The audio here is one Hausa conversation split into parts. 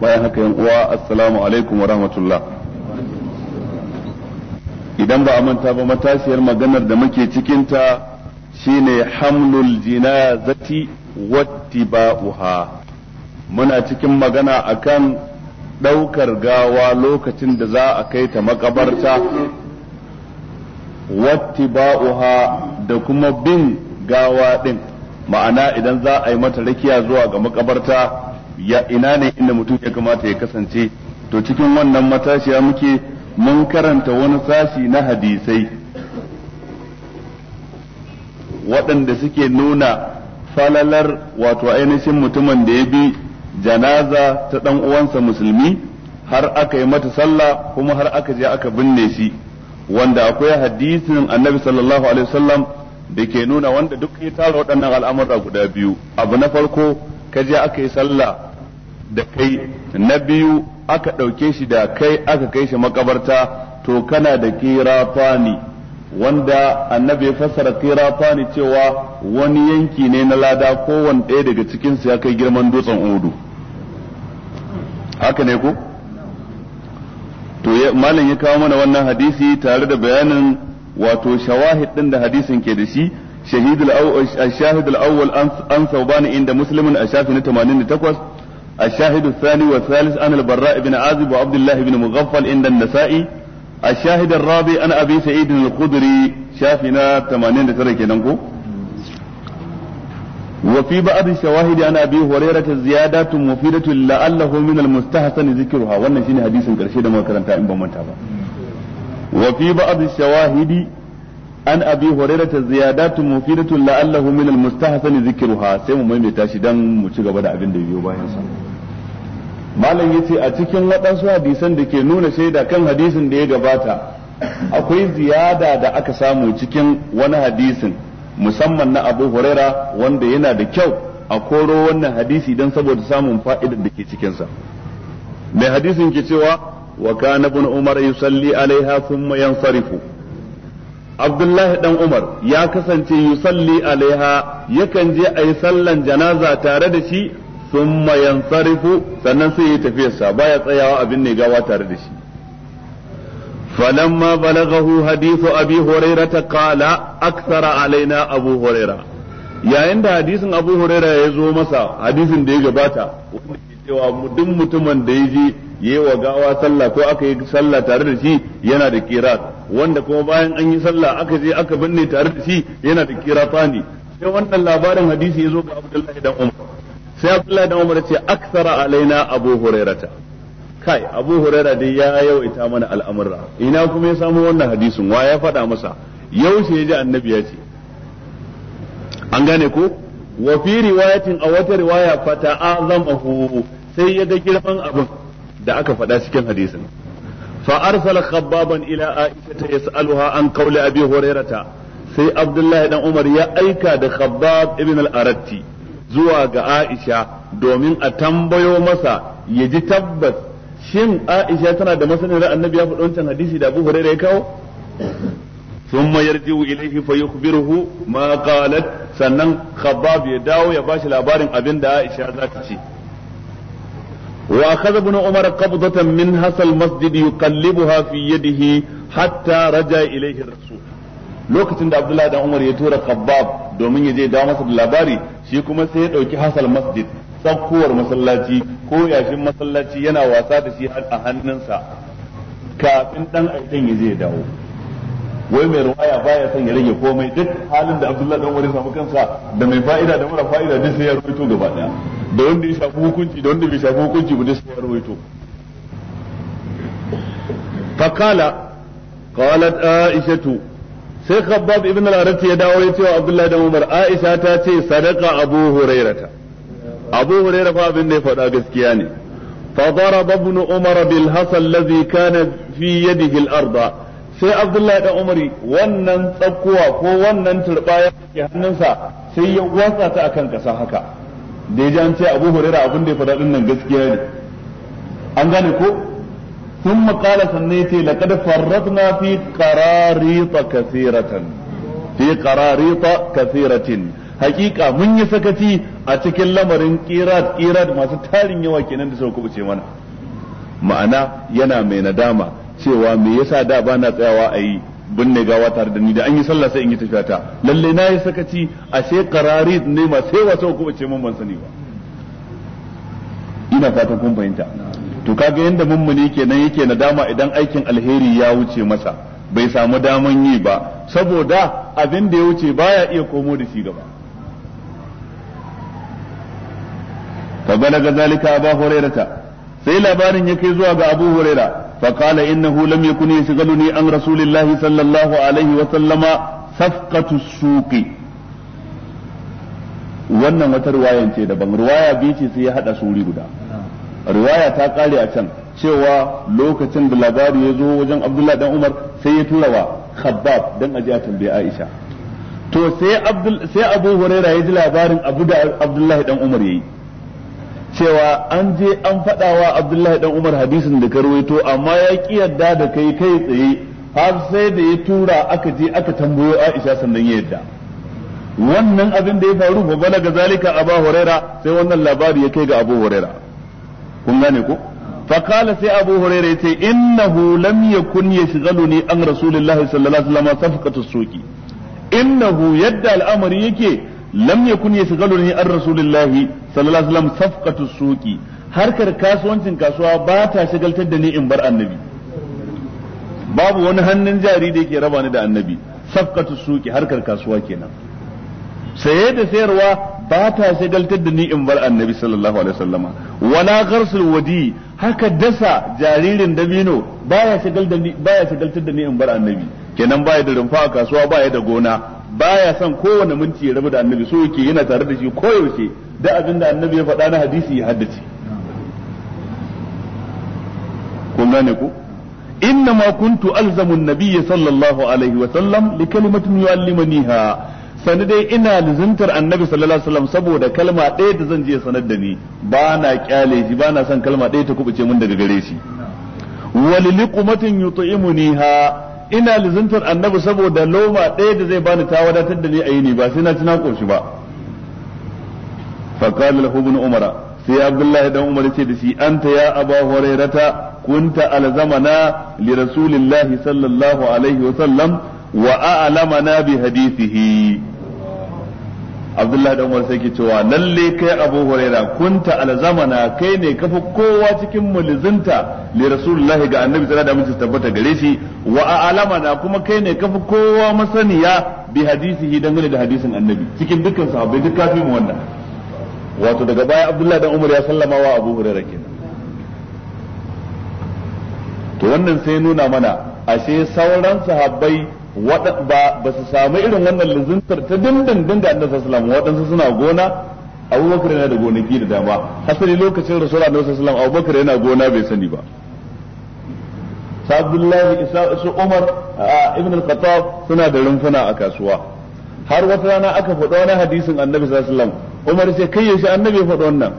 bayan haka yan uwa assalamu alaikum wa rahmatullah idan ba a manta ba matashiyar maganar da muke cikinta shine hamlul jinazati wattiba'uha muna cikin magana akan ɗaukar gawa lokacin da za a kai ta makabarta wattiba'uha da kuma bin gawa ɗin ma'ana idan za a yi mata rakiya zuwa ga makabarta ya ina ne inda mutum ya kamata ya kasance to cikin wannan matashiya muke mun karanta wani sashi na hadisai waɗanda suke nuna falalar wato ainihin mutumin da ya bi janaza ta ɗan uwansa musulmi har aka yi mata sallah kuma har aka je aka binne shi wanda akwai hadisin annabi sallallahu alaihi wasallam da ke nuna wanda duk ya tara waɗannan al'amura guda biyu abu na farko kaje aka yi sallah da kai na biyu aka ɗauke shi da kai aka kai shi makabarta to kana da kiratani wanda annabi ya fassara kiratani cewa wani yanki ne na lada kowane ɗaya daga cikinsu ya kai girman dutsen udu haka ne ku. to malam ya kawo mana wannan hadisi tare da bayanin wato shawahid din da hadisin ke da shi shahidul awwal an awwal an inda musulmin a shafi na 88 الشاهد الثاني والثالث عن البراء بن عازب وعبد الله بن مغفل عند النسائي الشاهد الرابع عن أبي سعيد الخدري شافنا 89 كنانكو وفي بعض الشواهد عن أبي هريرة زيادات مفيدة لعله من المستحسن ذكرها وانا شيني حديث كرشي دمو كرنتا إن بمنتابا وفي بعض الشواهد عن أبي هريرة زيادات مفيدة لعله من المستحسن ذكرها سيما ميمي تاشي دم مجيغة بدأ أبن ديو باين صلى الله malam ya ce a cikin waɗansu hadisan da ke nuna shaida kan hadisin da ya gabata akwai ziyada da aka samu cikin wani hadisin musamman na Abu Huraira wanda yana da kyau a koro wannan hadisi don saboda samun fa'idar da ke cikinsa mai hadisin ke cewa wa kana ibn Umar yusalli alaiha thumma yansarifu Abdullahi dan Umar ya kasance yusalli alaiha yakan je a yi sallan janaza tare da shi thumma yansarifu sannan sai ya tafiyarsa baya tsayawa abin ne gawa tare da shi falamma balaghahu hadithu abi hurairata qala akthara alaina abu huraira yayin da hadisin abu huraira ya zo masa hadisin da ya gabata wanda ke cewa duk mutumin da ya je yi wa gawa sallah ko aka yi sallah tare da shi yana da kirat wanda kuma bayan an yi sallah aka je aka binne tare da shi yana da kiratani sai wannan labarin hadisi ya zo ga abdullahi dan umar sai Abdullahi dan Umar ce aksara alaina Abu Hurairata kai Abu Huraira dai ya yawaita mana al'amura ina kuma ya samu wannan hadisin wa ya faɗa masa yaushe ya ji annabi ya ce an gane ko wa fi riwayatin a wata riwaya fata azamahu sai ya ga girman abin da aka faɗa cikin hadisin fa arsala khabbaban ila aisha ta yas'aluha an qawli abi hurairata sai abdullahi dan umar ya aika da khabbab ibn al-aratti zuwa ga Aisha domin a tambayo masa ya ji tabbas shin Aisha tana da masaniyar annabi ya faɗi wancan hadisi da Abu Hurairah ya kawo ثم يرجع إليه فيخبره ما قالت sannan khabbab ya dawo ya bashi labarin abin da Aisha za ta ce wa akhadha ibn Umar qabdatan min hasal masjid yuqallibuha fi yadihi hatta raja ilayhi rasul lokacin da Abdullahi dan Umar ya tura khabbab domin ya je dawo masa da labari shi kuma sai ya ɗauki hasal masjid tsakkowar masallaci ko yashin masallaci yana wasa da shi a hannunsa kafin dan aikin ya je dawo wai mai ruwaya baya son ya rage komai duk halin da Abdullahi dan wani samu kansa da mai fa'ida da mara fa'ida duk sai ya ruwaito gaba daya da wanda ya shafi hukunci da wanda bai shafi hukunci ba duk sai ya sai khabbab ibn al-arat ya dawo ya cewa abdullahi da umar aisha ta ce sadaka abu hurairata abu huraira fa abin da ya faɗa gaskiya ne fa daraba ibn umar bil hasa allazi kana fi yadihi al-arda sai abdullahi da umar wannan tsakkuwa ko wannan turbaya ke hannunsa sai ya watsa ta akan kasa haka da ya ji an ce abu huraira abin da ya faɗa din nan gaskiya ne an gane ko ثم قال سنيتي لقد فرطنا في قراريط كثيرة في قراريط كثيرة حقيقة من يسكتي أتكلم لمرين قيرات قيرات ما ستارين يوا كنن da وانا معنى ينا ma'ana داما mai nadama cewa me yasa da ba na tsayawa a yi binne gawa tare da ni da an yi sallah sai in yi tafiya ta lalle na yi sakaci a ashe qarari ne ma sai wata ko ce mun ban sani ba ina fatan kun fahimta to kaga yanda mummuni kenan yake nadama idan aikin alheri ya wuce masa bai samu daman yi ba saboda abin da ya wuce baya iya komo da shi gaba fa balaga zalika abu hurairata sai labarin ya kai zuwa ga abu huraira fa qala innahu lam yakun yashghaluni an rasulillahi sallallahu alaihi wa sallama safqatu suqi wannan wata ruwayan ce daban ruwaya biyu ce sai ya hada suri guda riwaya ta kare a can cewa lokacin da labari ya zo wajen abdullahi dan umar sai ya tura wa khabbab dan ajiya a tambaye aisha to sai abdul sai abu huraira ya ji labarin abu da abdullahi dan umar yayi cewa an je an faɗawa abdullahi dan umar hadisin da karwaito amma ya ki yadda da kai kai tsaye har sai da ya tura aka je aka tambayo aisha sannan ya yadda wannan abin da ya faru ba balaga zalika abu huraira sai wannan labari ya kai ga abu huraira kun gane ko faqala sai abu hurairah yace innahu lam yakun yashghaluni an rasulillahi sallallahu alaihi wasallam safqatu suqi innahu yadda al'amari yake lam yakun yashghaluni an rasulillahi sallallahu alaihi wasallam safkatu suqi harkar kasuwancin kasuwa ba ta shagaltar da ni in bar annabi babu wani hannun jari da yake raba ni da annabi Safkatu suqi harkar kasuwa kenan saye da sayarwa ba ta shagaltar da ni in bar annabi sallallahu alaihi wasallama wala gharsul wadi haka dasa jaririn dabino baya shagal da ni baya shagaltar da ni in bar annabi kenan baya da rumfa a kasuwa baya da gona baya son kowane minti ya rabu da annabi so yake yana tare da shi koyaushe da abinda annabi ya faɗa na hadisi ya haddace kun gane ku ma kuntu ألزم النبي sallallahu alaihi wasallam وسلم kalimatin yu'allimaniha sani dai ina luzuntar annabi sallallahu alaihi wasallam saboda kalma ɗaya da zan je sanar da ni ba na kyale shi ba na son kalma ɗaya ta kubuce mun daga gare shi waliliqumatin ha ina luzuntar annabi saboda loma ɗaya da zai bani ta wadatar da ni a ni ba sai na ci na koshi ba faqala lahu ibn umara sai abdullahi dan umar ce da shi anta ya aba hurairata kunta alzamana li rasulillahi sallallahu alaihi wasallam wa a'lamana bi hadithihi abdullahi dan umar sai ke cewa lalle kai abu huraira kunta alzamana kai ne kafa kowa cikin mulzunta li rasulullahi ga annabi sallallahu alaihi wasallam tabbata gare shi wa alamana kuma kai ne kafa kowa masaniya bi hadisihi dangane da hadisin annabi cikin dukkan sahabbai duk kafi mu wannan wato daga baya abdullahi dan umar ya sallama wa abu huraira kenan to wannan sai nuna mana ashe sauran sahabbai ba ba su samu irin wannan luzuntar ta dindindin da annabi sallallahu alaihi waɗansu suna gona abubakar yana da gonaki da dama hasali lokacin rasul annabi sallallahu alaihi abubakar yana gona bai sani ba sa isa su umar ibn al-khattab suna da rumfuna a kasuwa har wata rana aka faɗo wani hadisin annabi sallallahu alaihi wasallam umar sai kai yaushe annabi ya faɗo wannan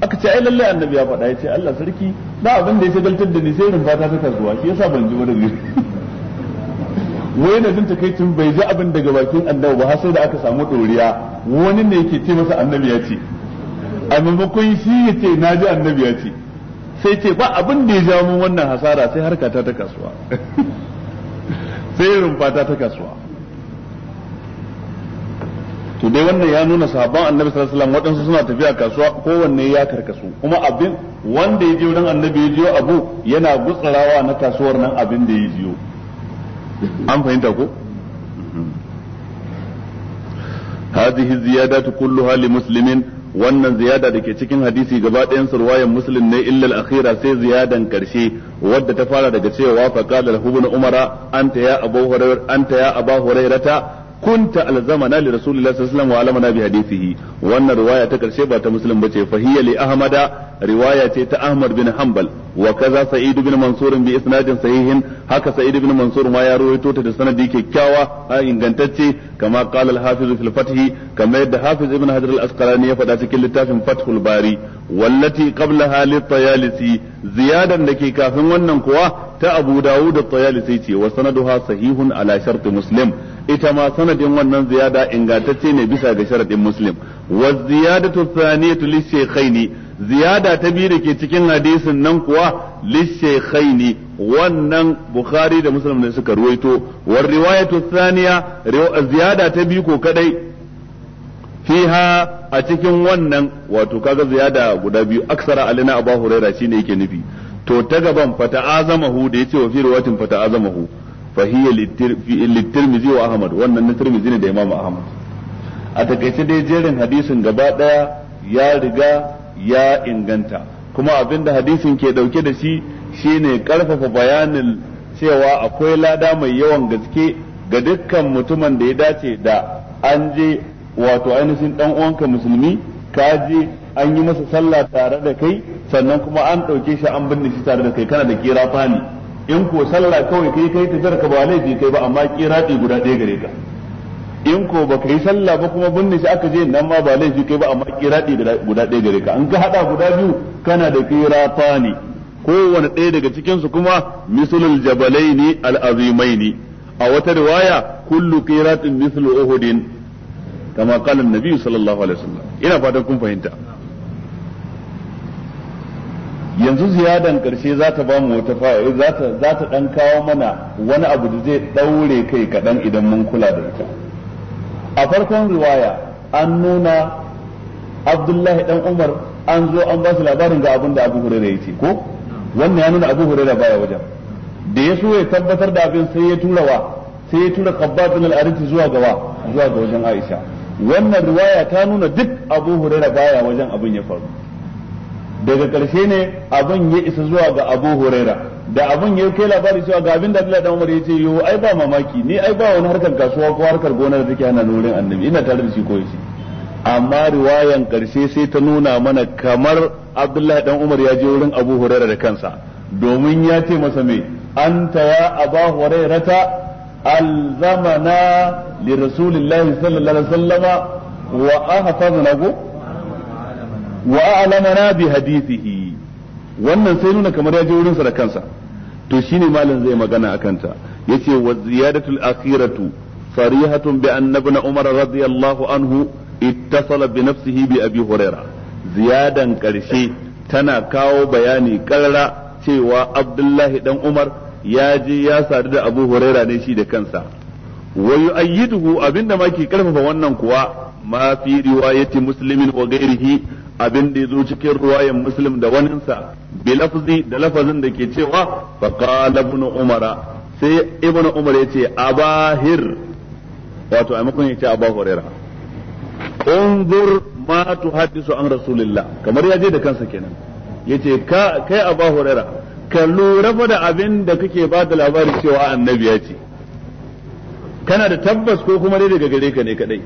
aka ce ai lalle annabi ya faɗa ya ce Allah sarki ba abin da ya shagaltar da ni sai rumfata ta kasuwa shi yasa ban ji wani wai na jin takaicin bai ji abin daga bakin annabi ba har sai da aka samu ɗoriya wani ne yake ce masa annabi ya ce a maimakon shi ya ce na ji annabi ya ce sai ce ba abin da ya ja mun wannan hasara sai harkata ta kasuwa sai rumfata ta kasuwa to dai wannan ya nuna sahabban annabi sallallahu alaihi wasallam waɗansu suna tafiya kasuwa kowanne ya karkasu kuma abin wanda ya je wurin annabi ya jiyo abu yana gutsarawa na kasuwar nan abin da ya jiyo an fahimta ko هذه الزيادات كلها لمسلم wannan ziyada da ke cikin hadisi gaba ɗayan surwayan muslim ne illa al-akhira sai ziyadan karshe wadda ta fara daga cewa fa qala lahu ibn umara anta ya abu hurairah anta ya abu hurairata kunta alzamana li rasulillahi sallallahu alaihi wa alamana bi hadisihi wannan riwaya ta karshe ba ta muslim bace fa li ahmada riwaya ce ta ahmad bin hanbal wa kaza sa'id ibn mansur bi isnadin sahihin haka sa'idu bin mansur ma ya rawaito ta da sanadi kyakkyawa a ingantacce kama qala al-hafiz fil fath kama yadda hafiz ibn hajar al-asqalani ya faɗa cikin littafin fathul bari wallati qablaha lit-tayalisi ziyadan ke kafin wannan kuwa ta abu dawud at-tayalisi ce wa sanaduha sahihun ala shart muslim ita ma sanadin wannan ziyada ingantacce ne bisa ga sharadin muslim wa ziyadatu thaniyatu li-shaykhaini ziyada ta biyu da ke cikin hadisin nan kuwa ne wannan bukhari da muslim ne suka ruwaito war riwayatu thaniya ziyada ta biyu ko kadai fiha a cikin wannan wato kaga ziyada guda biyu aksara alina abu huraira shine yake nufi to ta gaban fata azamahu da yace wa fi riwayatin fata azamahu fa hiya litirmizi wa ahmad wannan na tirmizi ne da imam ahmad a takaice dai jerin hadisin gaba daya ya riga ya inganta kuma abinda hadisin ke dauke da shi shine karfafa bayanin cewa akwai lada mai yawan gaske ga dukkan mutumin da ya dace da an je wato ainihin dan uwanka musulmi ka je an yi masa sallah tare da kai sannan kuma an ɗauke shi an binne shi tare da kai kana da kira fani in ko sallah kawai kai kai ta jarka ba laifi kai ba amma kira guda ɗaya gare ka in ko baka yi sallah ba kuma binne shi aka je nan ma ba laifi kai ba amma kiradi guda ɗaya gare ka an ka hada guda biyu kana da kiratani kowane ɗaya daga cikin su kuma mislul jabalaini al-azimaini a wata riwaya kullu kiratin mislu uhudin kama qala nabi sallallahu alaihi wasallam ina fatan kun fahimta yanzu ziyadan karshe za ta ba mu wata fa'a za ta dan kawo mana wani abu da zai daure kai kadan idan mun kula da ita a farkon riwaya an nuna abdullahi dan umar an zo an ba su labarin ga abin da abu Hurera ya ce ko wannan ya nuna abu Hurera baya wajen da ya so ya tabbatar da abin sai ya tura wa sai ya tura qabbab bin al zuwa gawa zuwa ga wajen aisha wannan riwaya ta nuna duk abu Hurera baya wajen abin ya faru daga ƙarshe ne abin ya isa zuwa ga abu Hurera. da abun ya kai labari cewa ga abin da Abdullahi dan Umar ya ce yo ai ba mamaki ni ai ba wani harkar kasuwa ko harkar gona da take hana nurin annabi ina tare da shi ko yace amma riwayan karshe sai ta nuna mana kamar Abdullahi dan Umar ya je wurin Abu Hurairah da kansa domin ya ce masa me anta ya Abu Hurairah alzamana li rasulillahi sallallahu alaihi wasallama wa ahfazna wa a'lamana bi hadithihi wannan sai nuna kamar ya je wurin sa da kansa to shine malam zai magana akan ta yace wa ziyadatul akhiratu farihatun bi anna ibn umar radiyallahu anhu ittasala bi nafsihi bi abi huraira ziyadan karshe tana kawo bayani karra cewa abdullahi dan umar ya je ya sadu da abu huraira ne shi da kansa wa yu'ayyiduhu abinda ma ke karfafa wannan kuwa ma fi riwayati muslimin wa ghairihi abin da yazo cikin ruwayan muslim da waninsa bi lafzi da lafazin da ke cewa fa qala ibn umara sai ibn umar yace abahir wato a makon yace abu horera unzur ma tu hadisu an rasulillah kamar ya je da kansa kenan yace ka kai abu horera ka lura fa da abin da kake ba da labari cewa annabi ya ce kana da tabbas ko kuma dai daga gare ka ne kadai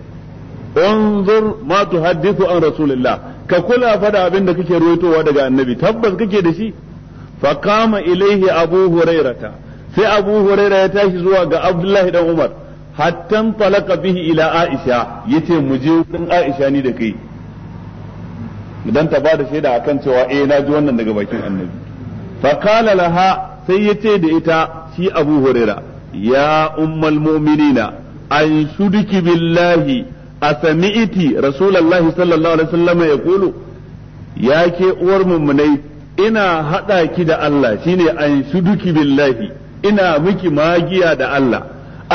unzur ma tu hadisu an rasulillah ka kula fada abin da kake ruwaitowa daga annabi tabbas kake da shi fa kama ilaihi abu hurairata sai abu huraira ya tashi zuwa ga abdullahi dan umar hattan talaka bihi ila aisha yace mu je wurin aisha ni da kai dan ta bada shaida akan cewa eh na ji wannan daga bakin annabi fa kala laha sai yace da ita shi abu huraira ya ummul mu'minina an shuduki billahi asami'iti rasulullahi sallallahu alaihi wasallam ya kulu ya ke uwar mummunai ina hada ki da Allah shine an shuduki billahi ina miki magiya da Allah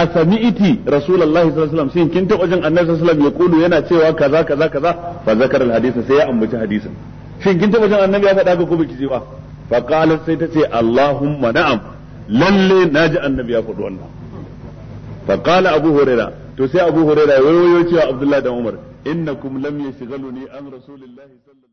asami'iti rasulullahi sallallahu alaihi wasallam shin kin taba jin annabi sallallahu alaihi wasallam ya yana cewa kaza kaza kaza fa zakar alhadisa sai ya ambaci hadisin shin kin taba jin annabi ya faɗa ga ko biki ji ba fa qala sai ce allahumma na'am lalle naji annabi ya fadu wannan fa qala abu hurairah to sai abu hurairah wayoyo cewa abdullahi dan umar innakum lam yashghaluni an rasulillahi sallallahu